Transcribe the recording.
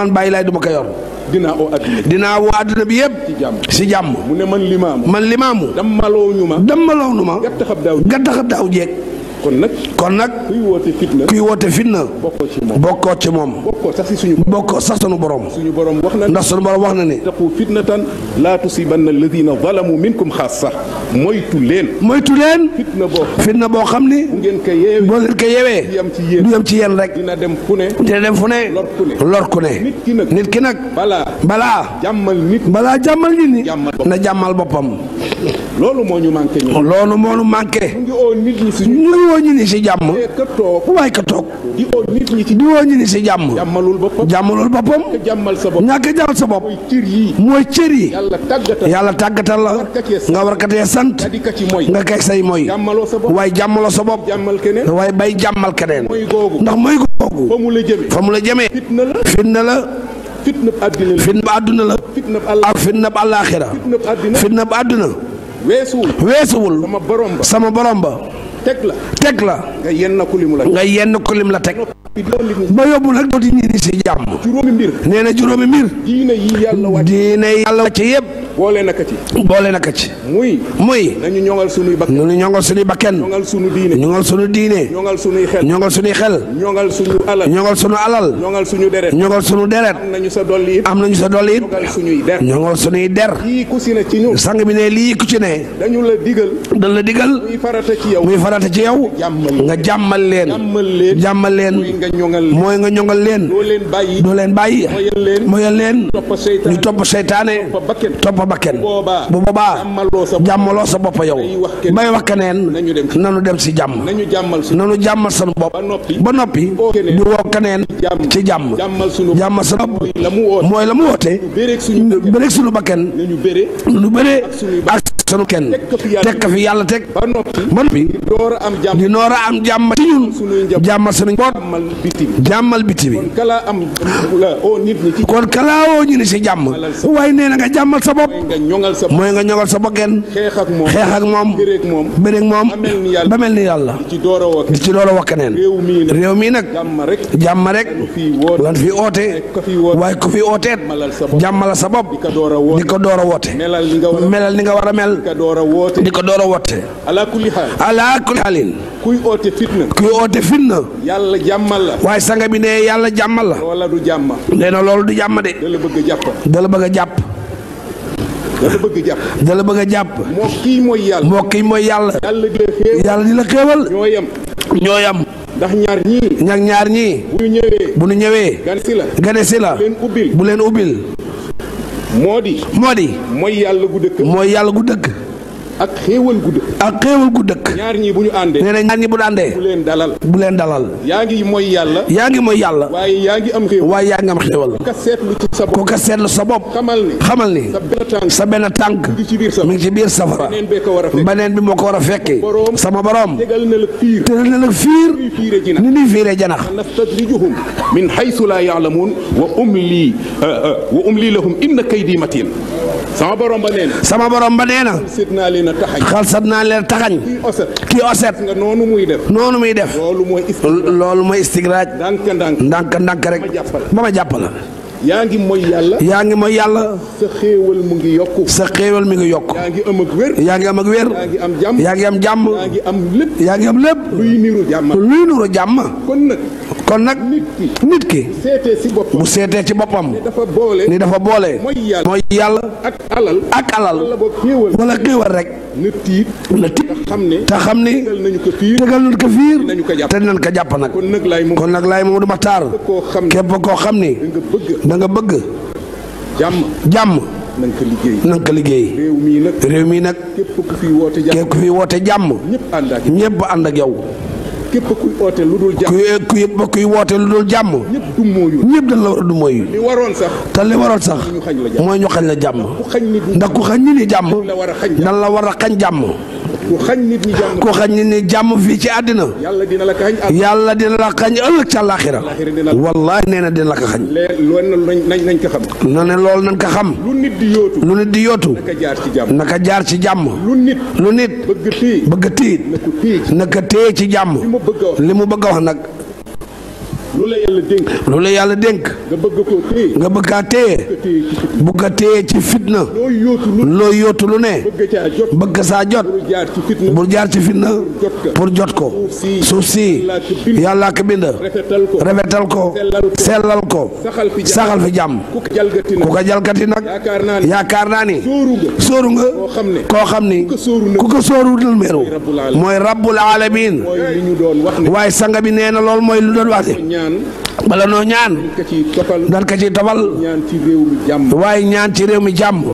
man bàyyi laay du ma ko yor. dinaa woo adduna bi dinaa woo adduna bi yëpp. si jàmm si jàmm. mu ne man limaamu. man limaamu. dammaloo ñu ma. dammaloo ñu ma. gattaxab daaw jeeg. kon nag kon nag. kuy woote fitna kuy woote fitna. bokkoo ci moom bokkoo ci moom. bokkoo sax si suñu. bokkoo sax sunu borom. suñu borom wax na ndax sunu borom wax na ne. taqu fitnatan laa tusibanna alladina zalamu minkum xaassa moytu leen. moytu leen. fitna boo fitna boo xam ni. bu ngeen ko yeewee bu ngeen ko yeewee. du yem ci yéen du yem ci yéen rek. dina dem fu ne. dina dem fu ne. lor ku ne ne. nit ki nag nit ki balaa balaa. jàmmal nit balaa jàmmal nit ñi. na jàmmal boppam. loolu moo ñu manqué ñu. loolu moo ñu manqué. ñu ngi woo si. ni si jàmm. Eh, waaye ka toog. di woo ñi si. ni si jàmm. jàmmalul boppam jàmmalul boppam. ñàkk jàmmal sa bopp ñàkk jàmmal sa bopp. mooy cër yi. mooy cër yi. yàlla tàggatal yàlla tàggatal la. nga war katee sant. nga kay say mooy. jàmmaloo sa bopp waaye jàmmaloo sa bopp. jàmmal keneen waaye bay jàmmal keneen. mooy ndax mooy googu. fa mu fitna la. fitna bu àddina la fitna bu àddina la. fitna bu àllaaxira fitna bu àllaaxira. fitna bu àddina. weesuwul weesuwul. sama borom ba sama borom ba. teg la teg la. nga yenn ku lim la teg. nga yenn ku lim la teg. ma yóbbu nag dooti ñi ni si jàmm nee na juróomi mbir diine yi yàlla wàcc yëpp boole naka ci boole naka ci muy muy nañu ñoŋal sunuy bakken ñu ñoŋal sunuy bakken ñoŋal sunu diine ñoŋal sunuy xel ñoŋal sunu alal ñoŋal sunu deret am nañu sa dolli it am nañu sa dolli it ñoŋal suñuy der ñoŋal sunuy der lii ku si ne sang bi ne lii ku ci ne dañu la digal dañ la digal muy farata ci yow nga jàmmal leen mooy nga ñoŋal leen doo leen bàyyi mooyal leen ñu topp seytaane topp bakken bu boobaa jàmmaloo sa bopp yow bay wax keneen nanu dem si jàmm nanu jàmmal sunu bopp ba noppi di woo keneen ci jàmm jàmmal sa bopp mooy la mu woote bérék suñu bakken nu béré ak sunu kenn teg fi yàlla teg ba noppi di noora am jàmm ci ñun jàmmal sunu njaboot jàmmal biti bi kon kalaa oo ñu ni si jàmm waaye nee na nga jàmmal sa bopp mooy nga ñoŋal sa bokkeen xeex ak moom bëreeg moom ba mel ni yàlla di ci door a wakkaneen réew mii nag jàmm rek lan fi oote waaye ku fi ooteet jàmmala sa bopp ko door a woote melal ni nga war a mel di ko door a woote. di ko door a woote. ala kulli xaal. ala kulli kuy oote fitna. kuy oote fitna. yàlla jàmmal la. waaye sanga bi ne yàlla jàmmal la. loola du jàmm. nee na loolu du jàmm de. dala bëgg a jàpp. dala bëgg a jàpp. dala bëgg a jàpp. dala moo kii mooy yàlla. mooy yàlla. yàlla di la xéewal. yàlla ñoo yem. ñoo ndax ñaar ñii. ñaar ñaar ñii. bu ñu ñëwee. bu bu leen ubbil. moo di. moo di. mooy yàlla gu dëkk mooy yàlla gu dëgg. ak xéewal gu dëkk. ak xéewal gu dëkk. ñaar ñii bu ñu àndee. nee na ñaar ñii bu ñu àndee. bu leen dalal. bu leen dalal. yaa ngi mooy yàlla. yaa ngi mooy yàlla. waaye yaa ngi am xéewal. waaye yaa ngi am xéewal. ku ka seetlu ci sa bopp. ku ka seetlu sa bopp. xamal ni xamal ni. sa benn tànk sa benn tànk. mi ngi ci biir safara mi ngi ci biir safara. beneen bee ko war a fekk beneen bi moo ko war a fekkee. sama borom tegal na la fiir. tegal na la fiir. ni ñuy fiiree janax. sanastadrijuhum min haysu laa ya'lamuun wa umlii wa umlii lahum inna kaydii matiin sama borom ba nee na sama borom ba nee na xalsat naa leen a taxañ naa leen a kii oset kii oset noonu muy def noonu muy def loolu mooy istigraaj ndànk ndànk ndànk ndànk rek ba ma jàpp la yaa ngi mooy yàlla. yaa ngi mooy yàlla. sa xéewal mu ngi yokk sa xéewal mi ngi yokk yaa ngi am ak wér. yaa ngi am ak wér. yaa ngi jàmm. yaa ngi am jàmm. yaa am yaa ngi am lépp. luy niru jàmm. kon nag nit ki mu seetee ci boppam ni dafa boole mooy yàlla ak alal wala xéewal rek na tiit te xam ni tegal nañ ko fiir te dinañ ko jàpp nag kon nag laay moom du ma taar képp koo xam ni da nga bëgg jàmm na nga ko liggéey na ko liggéey réew mii nag mii nag képp ku fi woote jàmm ñëpp ànd ak yow. képp kuy lu dul jàmm. ku yëpp kuy woote lu dul jàmm. ñëpp du mooyu. ñëpp dañ la war a du mooyu. li waroon sax. te li waroon sax. mooy ñu xañ la jàmm. ndax ku xañ nit ñi jàmm. ndax xañ nit la war a xañ jàmm. ku xañ nit ñi jàmm. xañ nit ñi jàmm fii ci àddina. yàlla dina la xañ. yàlla dina la xañ ëllëg ca laaxira. wallaahi nee na dina la ko xañ. loolu nañ nañ ko xam. na ne loolu nañ ko xam. lu nit di yootu. lu nit di yootu. naka jaar ci jàmm. jaar ci jàmm. lu nit. lu nit. bëgg tiit. bëgg tiit. naka ci jàmm. li mu bëgg a wax nag. lu la yàlla dénk la yàlla dénk nga bëgg téye nga bëgg kaa téye bu ko ci fitna loo yóotu lu ne bëgg saa jot bu jaar ci fitna pour jot ko suuf si yàllaa ko bind rafetal ko sellal ko saxal fi jàmm ku ko jalgati nag yaakaar naa ni sóoru nga koo xam ni ku ko sóorutal meeru mooy rabbul alamin waaye sanga bi nee lool mooy lu doon waate ñaan. bala noo ñaan. daan ka ciy tofal. ñaan ci réew mi jàmm. waaye ñaan ci réew mi jàmm.